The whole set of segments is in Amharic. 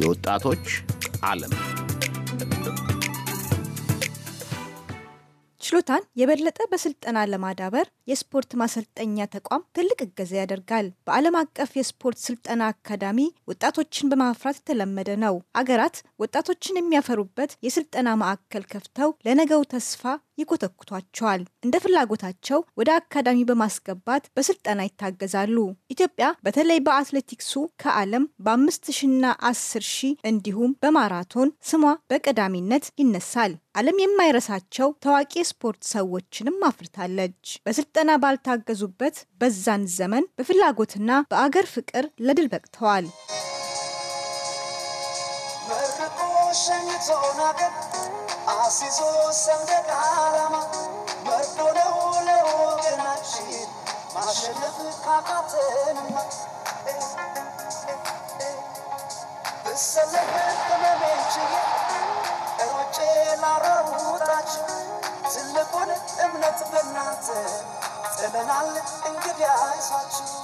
የወጣቶች ዓለም ችሎታን የበለጠ በስልጠና ለማዳበር የስፖርት ማሰልጠኛ ተቋም ትልቅ እገዛ ያደርጋል። በዓለም አቀፍ የስፖርት ስልጠና አካዳሚ ወጣቶችን በማፍራት የተለመደ ነው። አገራት ወጣቶችን የሚያፈሩበት የስልጠና ማዕከል ከፍተው ለነገው ተስፋ ይኮተኩቷቸዋል። እንደ ፍላጎታቸው ወደ አካዳሚ በማስገባት በስልጠና ይታገዛሉ። ኢትዮጵያ በተለይ በአትሌቲክሱ ከዓለም በአምስት ሺና አስር ሺ እንዲሁም በማራቶን ስሟ በቀዳሚነት ይነሳል። ዓለም የማይረሳቸው ታዋቂ ስፖርት ሰዎችንም አፍርታለች። በስልጠና ባልታገዙበት በዛን ዘመን በፍላጎትና በአገር ፍቅር ለድል በቅተዋል። አሲዞ ሰንደቅ ዓላማ መርዶ ነው ለወገናችን ማሸነፍ ካቃተንማ ብሰለፍ ቅመሜችዬ ሮጬ ላራሩጣችሁ ትልቁን እምነት በእናንተ ጥለናል እንግዲህ አይዟችሁ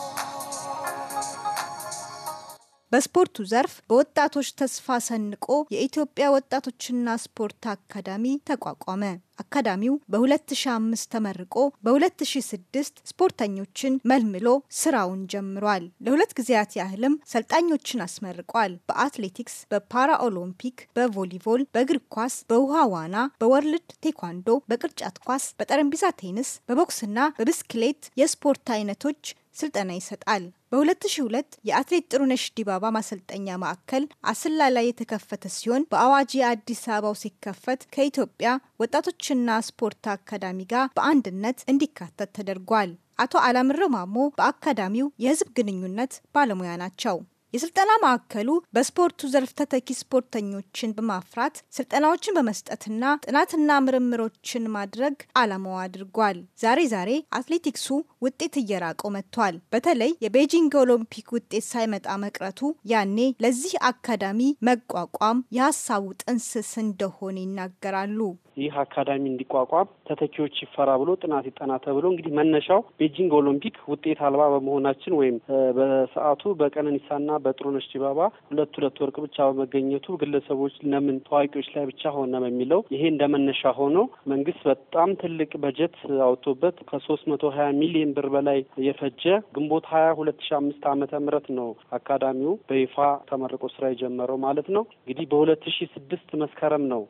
በስፖርቱ ዘርፍ በወጣቶች ተስፋ ሰንቆ የኢትዮጵያ ወጣቶችና ስፖርት አካዳሚ ተቋቋመ። አካዳሚው በ2005 ተመርቆ በ2006 ስፖርተኞችን መልምሎ ስራውን ጀምሯል። ለሁለት ጊዜያት ያህልም ሰልጣኞችን አስመርቋል። በአትሌቲክስ፣ በፓራ ኦሎምፒክ፣ በቮሊቮል፣ በእግር ኳስ፣ በውሃ ዋና፣ በወርልድ ቴኳንዶ፣ በቅርጫት ኳስ፣ በጠረጴዛ ቴኒስ፣ በቦክስና በብስክሌት የስፖርት አይነቶች ስልጠና ይሰጣል። በ2002 የአትሌት ጥሩነሽ ዲባባ ማሰልጠኛ ማዕከል አስላ ላይ የተከፈተ ሲሆን በአዋጅ የአዲስ አበባው ሲከፈት ከኢትዮጵያ ወጣቶችና ስፖርት አካዳሚ ጋር በአንድነት እንዲካተት ተደርጓል። አቶ አላምረው ማሞ በአካዳሚው የህዝብ ግንኙነት ባለሙያ ናቸው። የስልጠና ማዕከሉ በስፖርቱ ዘርፍ ተተኪ ስፖርተኞችን በማፍራት ስልጠናዎችን በመስጠትና ጥናትና ምርምሮችን ማድረግ አላማው አድርጓል። ዛሬ ዛሬ አትሌቲክሱ ውጤት እየራቀው መጥቷል። በተለይ የቤጂንግ ኦሎምፒክ ውጤት ሳይመጣ መቅረቱ ያኔ ለዚህ አካዳሚ መቋቋም የሀሳቡ ጥንስስ እንደሆነ ይናገራሉ። ይህ አካዳሚ እንዲቋቋም ተተኪዎች ይፈራ ብሎ ጥናት ይጠና ተብሎ እንግዲህ መነሻው ቤጂንግ ኦሎምፒክ ውጤት አልባ በመሆናችን ወይም በሰዓቱ በቀነኒሳና በጥሩነሽ ዲባባ ሁለት ሁለት ወርቅ ብቻ በመገኘቱ ግለሰቦች ለምን ታዋቂዎች ላይ ብቻ ሆነ የሚለው ይሄ እንደ መነሻ ሆኖ መንግስት በጣም ትልቅ በጀት አውጥቶበት ከሶስት መቶ ሀያ ሚሊዮን ብር በላይ የፈጀ ግንቦት ሀያ ሁለት ሺ አምስት አመተ ምህረት ነው አካዳሚው በይፋ ተመርቆ ስራ የጀመረው ማለት ነው። እንግዲህ በሁለት ሺ ስድስት መስከረም ነው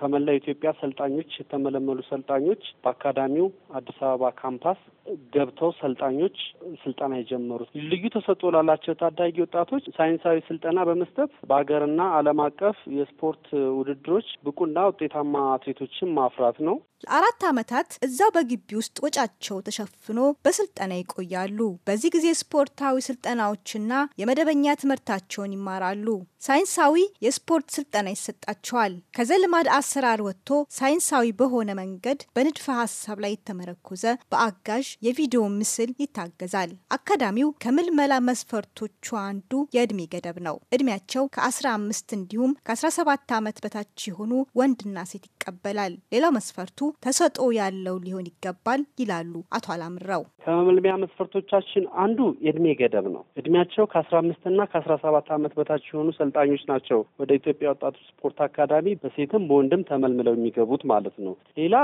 ከመላ ኢትዮጵያ ሰልጣኞች የተመለመሉ ሰልጣኞች በአካዳሚው አዲስ አበባ ካምፓስ ገብተው ሰልጣኞች ስልጠና የጀመሩት ልዩ ተሰጥኦ ላላቸው ታዳጊ ወጣቶች ሳይንሳዊ ስልጠና በመስጠት በሀገርና ዓለም አቀፍ የስፖርት ውድድሮች ብቁና ውጤታማ አትሌቶችን ማፍራት ነው። ለአራት ዓመታት እዛው በግቢ ውስጥ ወጫቸው ተሸፍኖ በስልጠና ይቆያሉ። በዚህ ጊዜ ስፖርታዊ ስልጠናዎችና የመደበኛ ትምህርታቸውን ይማራሉ። ሳይንሳዊ የስፖርት ስልጠና ይሰጣቸዋል። ከዘልማድ አሰራር ወጥቶ ሳይንሳዊ በሆነ መንገድ በንድፈ ሀሳብ ላይ የተመረኮዘ በአጋዥ የቪዲዮ ምስል ይታገዛል። አካዳሚው ከምልመላ መስፈርቶቹ አንዱ የእድሜ ገደብ ነው። እድሜያቸው ከ15 እንዲሁም ከ17 ዓመት በታች የሆኑ ወንድና ሴት ይቀበላል። ሌላው መስፈርቱ ተሰጥኦ ያለው ሊሆን ይገባል ይላሉ አቶ አላምራው። ከመመልመያ መስፈርቶቻችን አንዱ የእድሜ ገደብ ነው። እድሜያቸው ከአስራ አምስት እና ከአስራ ሰባት ዓመት በታች የሆኑ ሰልጣኞች ናቸው ወደ ኢትዮጵያ ወጣቶች ስፖርት አካዳሚ በሴትም በወንድም ተመልምለው የሚገቡት ማለት ነው። ሌላ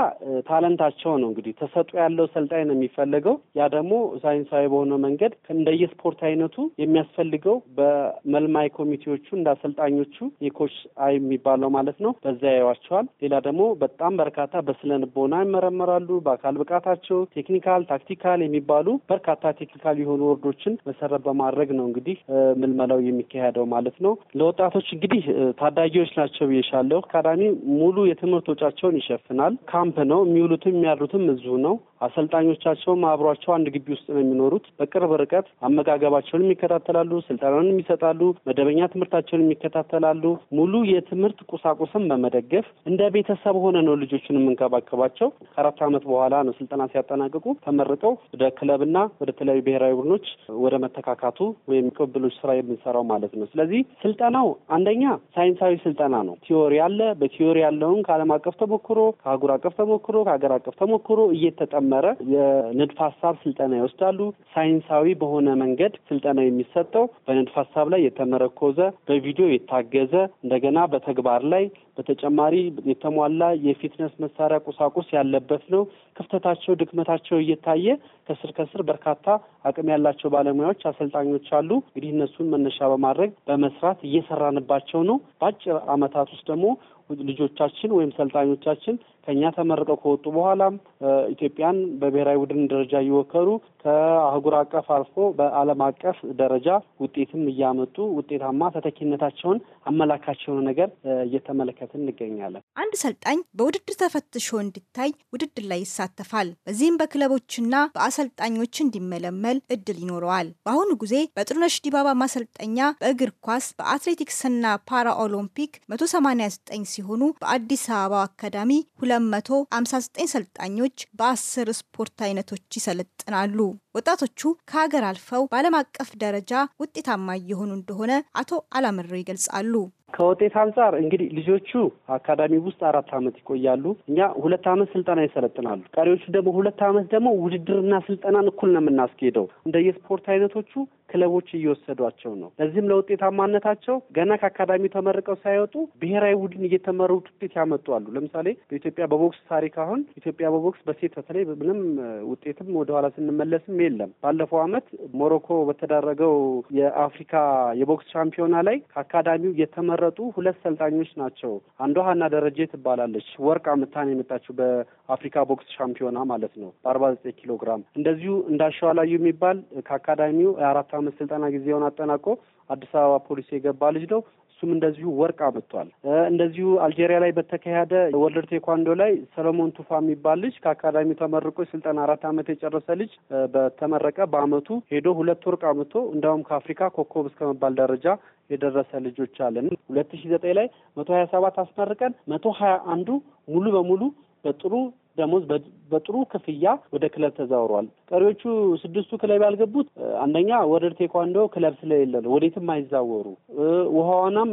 ታለንታቸው ነው እንግዲህ ተሰጦ ያለው ሰልጣኝ ነው የሚፈለገው። ያ ደግሞ ሳይንሳዊ በሆነ መንገድ እንደየስፖርት አይነቱ የሚያስፈልገው በመልማይ ኮሚቴዎቹ እንደ አሰልጣኞቹ የኮች አይ የሚባለው ማለት ነው በዛ ያዩዋቸዋል። ሌላ ደግሞ ደግሞ በጣም በርካታ በስነ ልቦና ይመረመራሉ። በአካል ብቃታቸው ቴክኒካል፣ ታክቲካል የሚባሉ በርካታ ቴክኒካል የሆኑ ወርዶችን መሰረት በማድረግ ነው እንግዲህ ምልመላው የሚካሄደው ማለት ነው። ለወጣቶች እንግዲህ ታዳጊዎች ናቸው የሻለው አካዳሚ ሙሉ የትምህርት ወጫቸውን ይሸፍናል። ካምፕ ነው የሚውሉትም የሚያድሩትም እዙ ነው። አሰልጣኞቻቸውም አብሯቸው አንድ ግቢ ውስጥ ነው የሚኖሩት። በቅርብ ርቀት አመጋገባቸውንም ይከታተላሉ፣ ስልጠናንም ይሰጣሉ፣ መደበኛ ትምህርታቸውንም ይከታተላሉ። ሙሉ የትምህርት ቁሳቁስም በመደገፍ እንደ ቤተሰብ ሆነ ነው ልጆቹን የምንከባከባቸው። ከአራት ዓመት በኋላ ነው ስልጠና ሲያጠናቅቁ ተመርቀው ወደ ክለብና ወደ ተለያዩ ብሔራዊ ቡድኖች ወደ መተካካቱ ወይም ቅብሎች ስራ የምንሰራው ማለት ነው። ስለዚህ ስልጠናው አንደኛ ሳይንሳዊ ስልጠና ነው። ቲዮሪ አለ። በቲዮሪ ያለውን ከዓለም አቀፍ ተሞክሮ፣ ከአህጉር አቀፍ ተሞክሮ፣ ከሀገር አቀፍ ተሞክሮ እየተጠ የተጀመረ የንድፍ ሀሳብ ስልጠና ይወስዳሉ። ሳይንሳዊ በሆነ መንገድ ስልጠና የሚሰጠው በንድፍ ሀሳብ ላይ የተመረኮዘ በቪዲዮ የታገዘ እንደገና በተግባር ላይ በተጨማሪ የተሟላ የፊትነስ መሳሪያ ቁሳቁስ ያለበት ነው። ክፍተታቸው፣ ድክመታቸው እየታየ ከስር ከስር በርካታ አቅም ያላቸው ባለሙያዎች፣ አሰልጣኞች አሉ። እንግዲህ እነሱን መነሻ በማድረግ በመስራት እየሰራንባቸው ነው። በአጭር አመታት ውስጥ ደግሞ ልጆቻችን ወይም ሰልጣኞቻችን ከኛ ተመርቀው ከወጡ በኋላም ኢትዮጵያን በብሔራዊ ቡድን ደረጃ እየወከሉ ከአህጉር አቀፍ አልፎ በዓለም አቀፍ ደረጃ ውጤትም እያመጡ ውጤታማ ተተኪነታቸውን አመላካቸውን ነገር እየተመለከትን እንገኛለን። አንድ ሰልጣኝ በውድድር ተፈትሾ እንዲታይ ውድድር ላይ ይሳተፋል። በዚህም በክለቦችና በአሰልጣኞች እንዲመለመል እድል ይኖረዋል። በአሁኑ ጊዜ በጥሩነሽ ዲባባ ማሰልጠኛ በእግር ኳስ በአትሌቲክስና ፓራ ኦሎምፒክ 189 ሲሆኑ በአዲስ አበባ አካዳሚ 259 ሰልጣኞች በአስር ስፖርት አይነቶች ይሰለጥናሉ። ወጣቶቹ ከሀገር አልፈው በዓለም አቀፍ ደረጃ ውጤታማ እየሆኑ እንደሆነ አቶ አላምረው ይገልጻሉ። ከውጤት አንጻር እንግዲህ ልጆቹ አካዳሚ ውስጥ አራት ዓመት ይቆያሉ። እኛ ሁለት ዓመት ስልጠና ይሰለጥናሉ። ቀሪዎቹ ደግሞ ሁለት ዓመት ደግሞ ውድድርና ስልጠናን እኩል ነው የምናስኬደው። እንደ የስፖርት አይነቶቹ ክለቦች እየወሰዷቸው ነው። ለዚህም ለውጤታማነታቸው ገና ከአካዳሚ ተመርቀው ሳይወጡ ብሔራዊ ቡድን እየተመሩ ውጤት ያመጡ አሉ። ለምሳሌ በኢትዮጵያ በቦክስ ታሪክ አሁን ኢትዮጵያ በቦክስ በሴት በተለይ ምንም ውጤትም ወደኋላ ስንመለስም የለም። ባለፈው ዓመት ሞሮኮ በተደረገው የአፍሪካ የቦክስ ሻምፒዮና ላይ ከአካዳሚው የተመ የተመረጡ ሁለት ሰልጣኞች ናቸው። አንዷ ሀና ደረጀ ትባላለች። ወርቅ አምታን የመጣችው በአፍሪካ ቦክስ ሻምፒዮና ማለት ነው በአርባ ዘጠኝ ኪሎ ግራም። እንደዚሁ እንዳሸዋላዩ የሚባል ከአካዳሚው የአራት አመት ስልጠና ጊዜውን አጠናቆ አዲስ አበባ ፖሊስ የገባ ልጅ ነው። እሱም እንደዚሁ ወርቅ አመጥቷል። እንደዚሁ አልጄሪያ ላይ በተካሄደ ወርልድ ቴኳንዶ ላይ ሰለሞን ቱፋ የሚባል ልጅ ከአካዳሚ ተመርቆ ስልጠና አራት አመት የጨረሰ ልጅ በተመረቀ በአመቱ ሄዶ ሁለት ወርቅ አመቶ እንዲያውም ከአፍሪካ ኮከብ እስከመባል ደረጃ የደረሰ ልጆች አለን። ሁለት ሺ ዘጠኝ ላይ መቶ ሀያ ሰባት አስመርቀን መቶ ሀያ አንዱ ሙሉ በሙሉ በጥሩ ደሞዝ በጥሩ ክፍያ ወደ ክለብ ተዛውሯል። ቀሪዎቹ ስድስቱ ክለብ ያልገቡት አንደኛ ወደ ቴኳንዶ ክለብ ስለሌለ ነው፣ ወዴትም አይዛወሩ። ውሃዋናም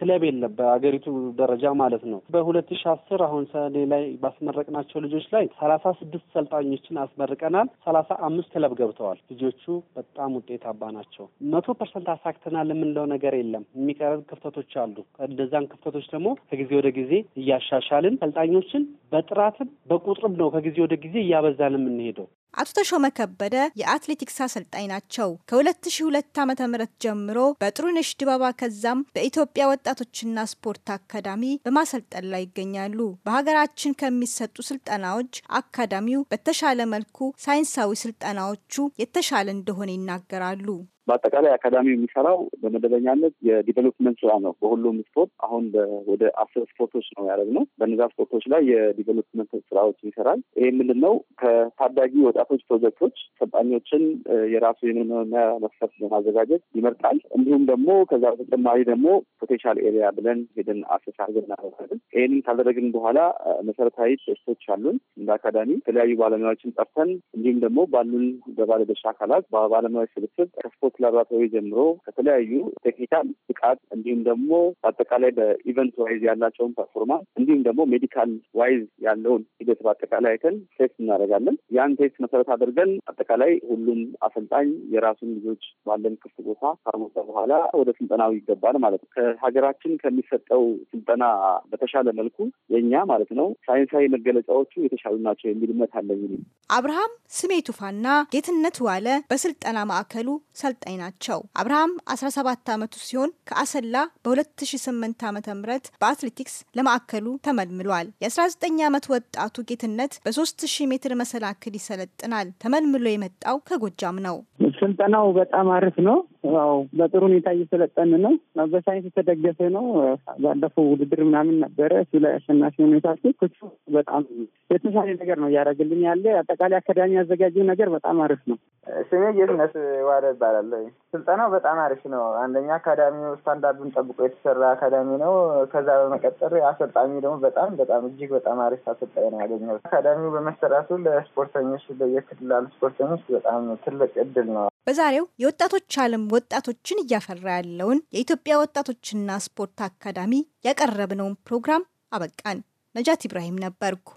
ክለብ የለም በአገሪቱ ደረጃ ማለት ነው። በሁለት ሺ አስር አሁን ሰኔ ላይ ባስመረቅናቸው ልጆች ላይ ሰላሳ ስድስት ሰልጣኞችን አስመርቀናል። ሰላሳ አምስት ክለብ ገብተዋል። ልጆቹ በጣም ውጤታማ ናቸው። መቶ ፐርሰንት አሳክተናል የምንለው ነገር የለም። የሚቀረብ ክፍተቶች አሉ። እንደዛን ክፍተቶች ደግሞ ከጊዜ ወደ ጊዜ እያሻሻልን ሰልጣኞችን በጥራትም በ በቁጥርም ነው ከጊዜ ወደ ጊዜ እያበዛን የምንሄደው። አቶ ተሾመ ከበደ የአትሌቲክስ አሰልጣኝ ናቸው። ከ2002 ዓ ም ጀምሮ በጥሩነሽ ድባባ ከዛም በኢትዮጵያ ወጣቶችና ስፖርት አካዳሚ በማሰልጠን ላይ ይገኛሉ። በሀገራችን ከሚሰጡ ስልጠናዎች አካዳሚው በተሻለ መልኩ ሳይንሳዊ ስልጠናዎቹ የተሻለ እንደሆነ ይናገራሉ። በአጠቃላይ አካዳሚ የሚሰራው በመደበኛነት የዲቨሎፕመንት ስራ ነው። በሁሉም ስፖርት አሁን ወደ አስር ስፖርቶች ነው ያደረግነው። በነዛ ስፖርቶች ላይ የዲቨሎፕመንት ስራዎች ይሰራል። ይህ ምንድን ነው? ከታዳጊ ወጣቶች ፕሮጀክቶች ሰልጣኞችን የራሱ የምርምርና መስፈርት በማዘጋጀት ይመርጣል። እንዲሁም ደግሞ ከዛ በተጨማሪ ደግሞ ፖቴንሻል ኤሪያ ብለን ሄደን አሰሳ አድርገን እናደርጋለን። ይህንን ካደረግን በኋላ መሰረታዊ ቴስቶች አሉን። እንደ አካዳሚ የተለያዩ ባለሙያዎችን ጠርተን እንዲሁም ደግሞ ባሉን በባለድርሻ አካላት በባለሙያዎች ስብስብ ከስፖርት ከትምህርት ላብራቶሪ ጀምሮ ከተለያዩ ቴክኒካል ብቃት እንዲሁም ደግሞ በአጠቃላይ በኢቨንት ዋይዝ ያላቸውን ፐርፎርማንስ እንዲሁም ደግሞ ሜዲካል ዋይዝ ያለውን ሂደት በአጠቃላይ አይተን ቴስት እናደርጋለን። ያን ቴስት መሰረት አድርገን አጠቃላይ ሁሉም አሰልጣኝ የራሱን ልጆች ባለን ክፍት ቦታ ካሞጣ በኋላ ወደ ስልጠናው ይገባል ማለት ነው። ከሀገራችን ከሚሰጠው ስልጠና በተሻለ መልኩ የእኛ ማለት ነው ሳይንሳዊ መገለጫዎቹ የተሻሉ ናቸው የሚል እምነት አለኝ። አብርሃም ስሜ ቱፋና ጌትነት ዋለ በስልጠና ማዕከሉ ሰልጥ አሰልጣኝ ናቸው። አብርሃም 17 ዓመቱ ሲሆን ከአሰላ በ2008 ዓ ም በአትሌቲክስ ለማዕከሉ ተመልምሏል። የ19 ዓመት ወጣቱ ጌትነት በ3000 ሜትር መሰናክል ይሰለጥናል። ተመልምሎ የመጣው ከጎጃም ነው። ስልጠናው በጣም አሪፍ ነው። ያው በጥሩ ሁኔታ እየሰለጠን ነው። በሳይንስ የተደገፈ ነው። ባለፈው ውድድር ምናምን ነበረ። እሱ ላይ አሸናፊ ሁኔታ ኮቹ በጣም የተሻለ ነገር ነው እያደረግልን ያለ። አጠቃላይ አካዳሚ ያዘጋጀው ነገር በጣም አሪፍ ነው። ስሜ ጌትነት ዋደ ይባላል። ስልጠናው በጣም አሪፍ ነው። አንደኛ አካዳሚው ስታንዳርዱን ጠብቆ የተሰራ አካዳሚ ነው። ከዛ በመቀጠር አሰልጣኙ ደግሞ በጣም በጣም እጅግ በጣም አሪፍ አሰልጣኝ ነው ያገኘው። አካዳሚው በመሰራቱ ለስፖርተኞች፣ ለየክልላሉ ስፖርተኞች በጣም ትልቅ እድል ነው በዛሬው የወጣቶች ዓለም ወጣቶችን እያፈራ ያለውን የኢትዮጵያ ወጣቶችና ስፖርት አካዳሚ ያቀረብነውን ፕሮግራም አበቃን። ነጃት ኢብራሂም ነበርኩ።